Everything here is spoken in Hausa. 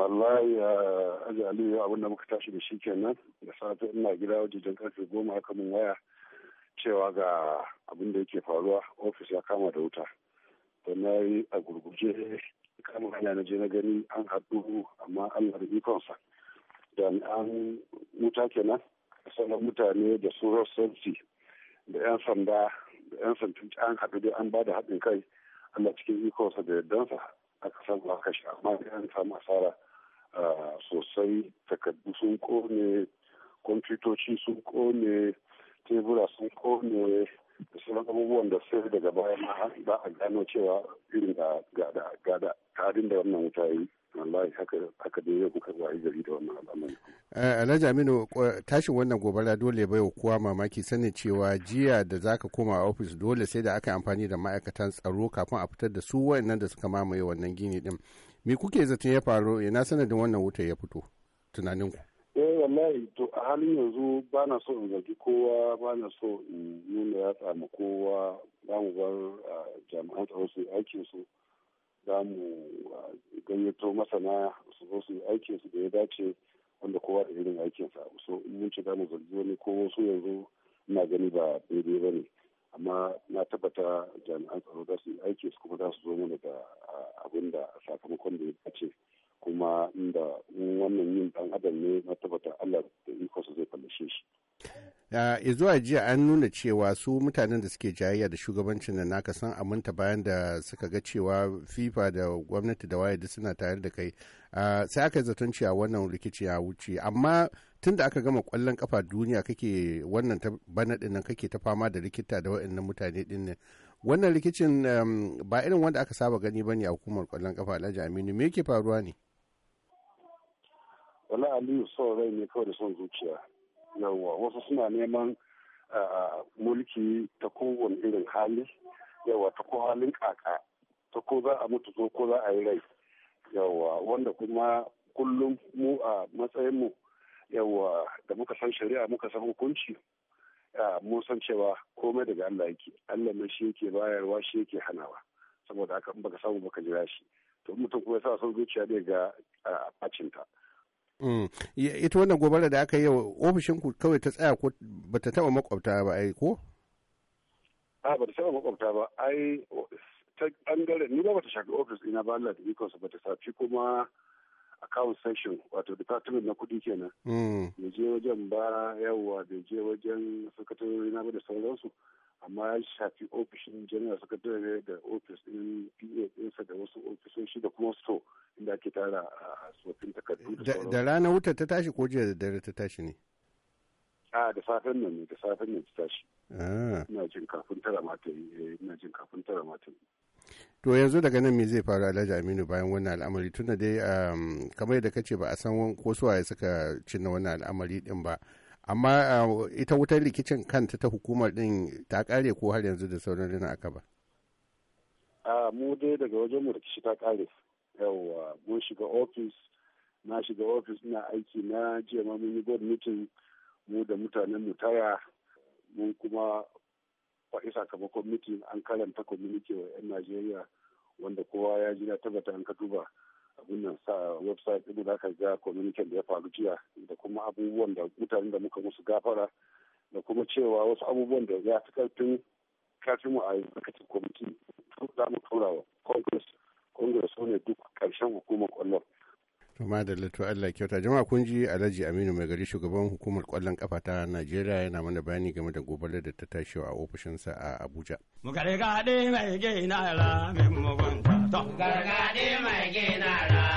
wallahi aji aliyu abinda muka tashi da shi kenan da safe ina gida wajejen karfe goma aka mun waya cewa ga abin da yake faruwa ofis ya kama da wuta da na yi a gurguje kama hanya na je na gani an haɗu amma allah da ikonsa jami'an wuta kenan sauran mutane da su safety da 'yan sanda da 'yan santin an haɗu dai an ba da haɗin kai allah cikin ikonsa da yardansa aka samu a kashe amma an samu asara sosai takardu sun kone kwamfutoci sun kone tebura sun kone da sauran abubuwan da sai daga baya ma ba a gano cewa irin da gada tarin da wannan wuta yi wallahi haka haka dai yau kuka wayi gari da wannan al'amari eh, Alhaji Aminu tashin wannan gobara dole bai kowa mamaki sanin cewa jiya da zaka koma a ofis dole sai da aka yi amfani da ma'aikatan tsaro kafin a fitar da su wayannan da suka mamaye wannan gini din me kuke zaton ya faru ina sanadin wannan wuta ya fito tunaninku eh wallahi to a halin yanzu ba na so in zargi kowa ba na so in nuna ya tsama kowa za mu bar jami'an tsaro su aikin su za mu gayyato masana su zo su aikin su da ya dace wanda kowa da irin aikinsa so in mun ce za mu zargi wani ko wasu yanzu ina gani ba daidai ba ne amma na tabbata jami'an tsaro za su yi aiki su kuma za su zo mana da abin da sakamakon da ya dace kuma inda wannan yin dan adam ne na tabbata Allah zuwa jiya an nuna cewa su mutanen da suke jayayya da shugabancin da naka san aminta bayan da suka ga cewa fifa da gwamnati da waye suna tare da kai ah, sai aka yi zaton cewa wannan rikici ya wuce amma tun da aka gama kwallon kafa duniya kake wannan ta bana nan kake ta fama da rikita da waɗannan mutane din wannan rikicin um, ba irin wanda aka saba gani bane a hukumar kwallon kafa Alhaji Aminu me yake faruwa ne wala Aliyu son rai ne kawai da son zuciya yawwa wasu suna neman ah, mulki ta kowane irin hali yawwa ta ko halin kaka ta ko za a mutu ko ko za a yi rai yawwa wanda kuma kullum mu a matsayin mu yawwa da muka san shari'a muka san hukunci ah, mun san cewa komai daga Allah yake Allah ne shi yake bayarwa shi yake hanawa saboda haka in baka samu baka jira shi to mutum kuma ya sa son zuciya daga a ah, ta Mm. ita wannan gobara da aka yi ofishin ku kawai ta tsaya ko ba ta taba makwabta ba ai ko a ta taba makwabta ba ai ta bangare ni ba ta shafi ofis ina ba Allah da ikonsa ta shafi kuma account section wato department na kuɗi kenan mm. bai je wajen ba yawa bai je wajen sakatarori na ba da sauransu amma ya shafi ofishin general secretary da ofis din pa ɗinsa da wasu ofisoshi da kuma store inda ake tara a tsoffin takardu da rana wutar ta tashi ko jiya da dare ta tashi ne a da safen nan ne da safen nan ta tashi ina jin kafin tara mata ta yi eh, ina jin kafin tara mata yi to yanzu daga nan me zai faru alhaji aminu bayan wannan al'amari tunda dai um, kamar yadda kace ba a san ko suwaye suka cinna wannan al'amari din ba amma uh, ita wutar rikicin kanta ta hukumar din ta kare ko har yanzu da sauran rina aka ba a mu dai daga wajen mu rikici ta kare yawwa mun shiga ofis na shiga ofis na aiki na jiya ma mun yi board meeting mu da mutanen mu taya mun kuma faɗi sakamakon meeting an karanta community wa 'yan Najeriya wanda kowa ya ji na tabbata an ka duba abin nan sa website ɗin da aka ga communication da ya faru jiya da kuma abubuwan da mutanen da muka musu gafara da kuma cewa wasu abubuwan da ya fi karfin kafin mu a lokacin kwamiti za mu tura congress ne duk ƙarshen hukumar kwallon. to da Lato Allah kyauta jama'a kun ji Alhaji Aminu mai gari shugaban hukumar kwallon kafa ta Najeriya yana mana bayani game da gobarar da ta tashi a ofishinsa a Abuja. Mu gargaɗe mai gina ra mai mugunta. Gargaɗe mai gina ra